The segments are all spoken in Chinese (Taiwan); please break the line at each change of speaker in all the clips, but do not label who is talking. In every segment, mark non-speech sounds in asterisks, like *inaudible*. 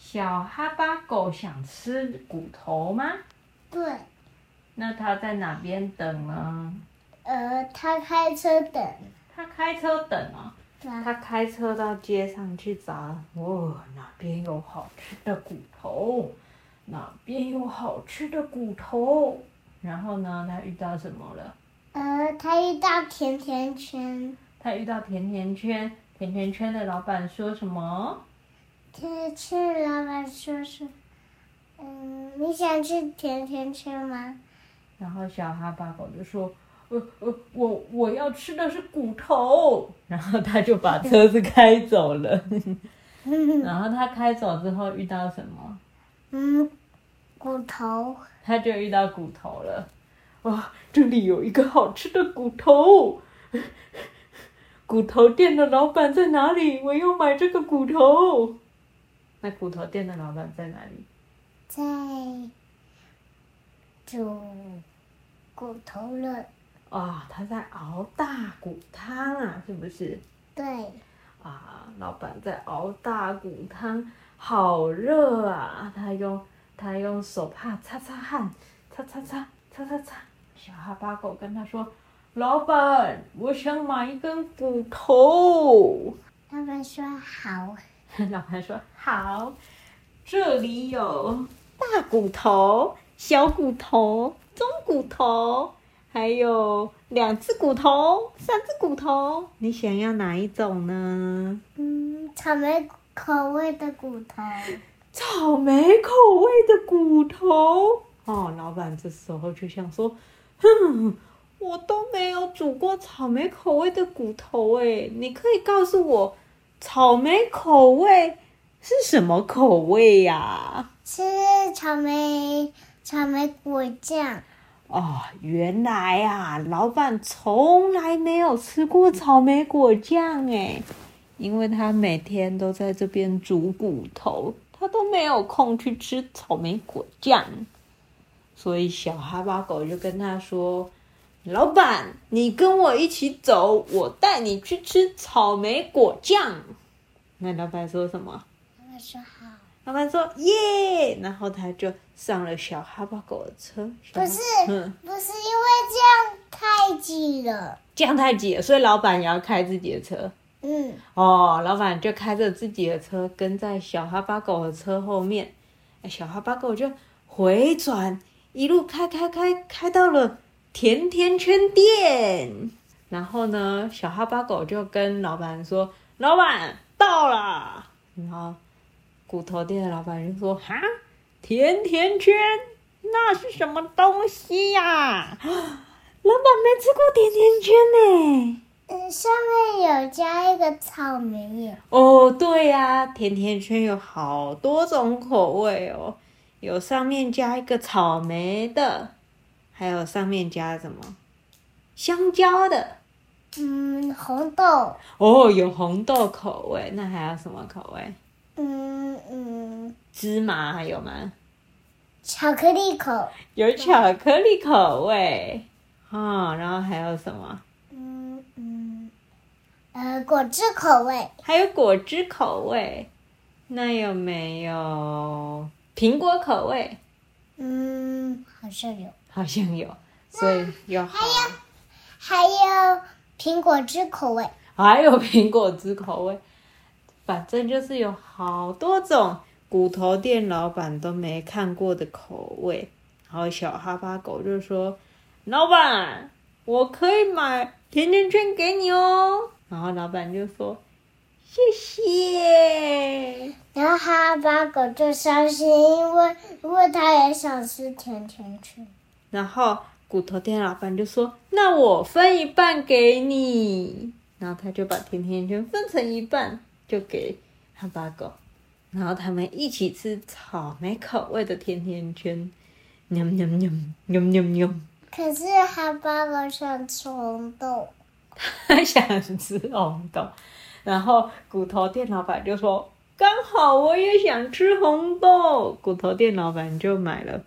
小哈巴狗想吃骨頭嗎？對。那它在哪邊等呢？呃，它開車等。它開車等、哦、啊？它開車到街上去找，哇、哦，哪邊有好吃的骨頭？哪邊有好吃的骨頭？然後呢，它遇到什麼了？呃，它遇到甜甜圈。它遇到甜甜圈，甜甜圈的老闆說什麼？天天吃，老板說是，嗯，你想吃甜甜圈嗎？然後小哈巴狗就說：“呃呃、我我我我要吃的是骨頭。”然後他就把車子開走了。嗯、 *laughs* 然後他開走之後遇到什麼？嗯，骨頭。他就遇到骨頭了。哇，這裡有一個好吃的骨頭！骨頭店的老板在哪裡？我要買這個骨頭。那骨頭店的老板在哪裡？在煮骨頭了。啊、哦，他在熬大骨湯啊，是不是？對。啊，老板在熬大骨湯，好熱啊！他用他用手帕擦擦汗，擦擦擦，擦擦擦，擦擦擦。小哈巴狗跟他說：“老板，我想買一根骨頭。”老板說：“好。”老闆說：“好，這裡有大骨頭、小骨頭、中骨頭，還有兩隻骨頭、三隻骨頭，你想要哪一種呢？”“嗯，草莓口味的骨頭。”“草莓口味的骨頭？”哦，老闆這時候就想說：“哼，我都沒有煮過草莓口味的骨頭哎、欸，你可以告訴我。”草莓口味是什麼口味呀、啊？吃草莓，草莓果醬。哦，原來啊，老板從來沒有吃過草莓果醬哎，因為他每天都在這邊煮骨頭，他都沒有空去吃草莓果醬，所以小哈巴狗就跟他說。老闆，你跟我一起走，我帶你去吃草莓果醬。那老闆說什麼？老闆說好。老闆說耶，然後他就上了小哈巴狗的車。不是，不是因為這樣太擠了。這樣太擠了，所以老闆也要開自己的車。嗯。哦，老闆就開着自己的車跟在小哈巴狗的車後面。小哈巴狗就迴轉，一路開開開開到了。甜甜圈店，然後呢，小哈巴狗就跟老板說：“老板到了。”然後骨頭店的老板就說：“哈，甜甜圈那是什麼東西呀？老板沒吃過甜甜圈呢。”“嗯，上面有加一個草莓耶。”“哦，對呀，甜甜圈有好多種口味哦，有上面加一個草莓的。”還有上面加什麼？香蕉的。嗯，紅豆。哦，有紅豆口味，那還有什麼口味？嗯嗯，嗯，芝麻還有嗎？巧克力口。有巧克力口味啊、嗯哦，然後還有什麼？嗯嗯，呃，果汁口味。還有果汁口味，那有沒有蘋果口味？嗯，好像有。好像有，所以有還有還有蘋果汁口味，還有蘋果汁口味，反正就是有好多種骨頭店老板都沒看過的口味。然後小哈巴狗就說：“老板，我可以買甜甜圈給你哦。”然後老板就說：“謝謝。”然後哈巴狗就傷心，因為因為他也想吃甜甜圈。然後骨頭店老板就說：“那我分一半給你。”然後他就把甜甜圈分成一半，就給哈巴狗。然後他們一起吃草莓口味的甜甜圈。喵喵喵喵喵喵。尿尿尿，可是哈巴狗想吃紅豆， *laughs* 他想吃紅豆。然後骨頭店老板就說：“剛好我也想吃紅豆。”骨頭店老板就買了。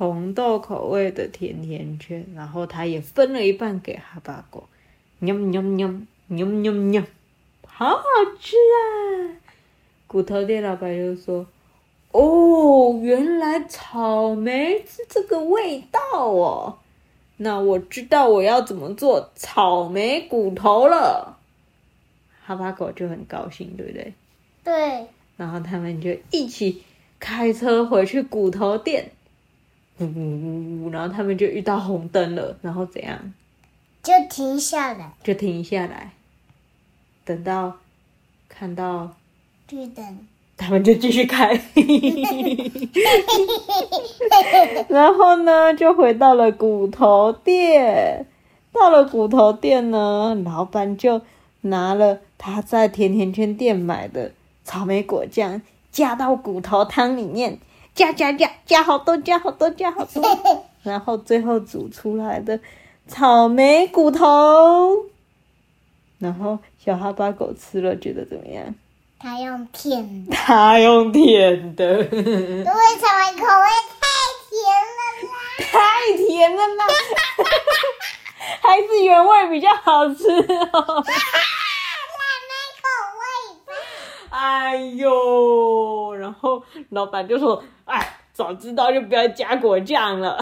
紅豆口味的甜甜圈，然後他也分了一半給哈巴狗。喵喵喵喵喵喵，好好吃啊！骨頭店老闆又說：“哦，原來草莓是這個味道哦，那我知道我要怎麼做草莓骨頭了。”哈巴狗就很高興，對不對？對。然後他們就一起開車回去骨頭店。嗚嗚嗚！然後他們就遇到紅燈了，然後怎樣？就停下來，就停下來。等到看到綠燈，他們就繼續開。然後呢，就回到了骨頭店。到了骨頭店呢，老板就拿了他在甜甜圈店買的草莓果醬，加到骨頭湯裡面。加加加加好多，加好多，加好多，然後最後煮出來的草莓骨頭，然後小哈巴狗吃了，覺得怎麼樣？它用舔的，它用舔的，因為草莓口味太甜了啦，太甜了啦， *laughs* *laughs* 還是原味比較好吃哦。草莓 *laughs* *laughs* 口味吧，哎呦。然後老闆就說：“哎、啊，早知道就不要加果醬了。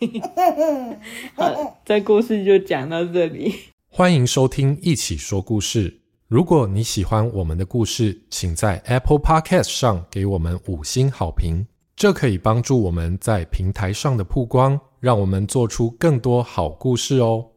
*laughs* ”好，這故事就講到這裡。歡迎收聽《一起說故事》。如果你喜歡我們的故事，請在 Apple Podcast 上給我們五星好評，這可以幫助我們在平台上的曝光，讓我們做出更多好故事哦。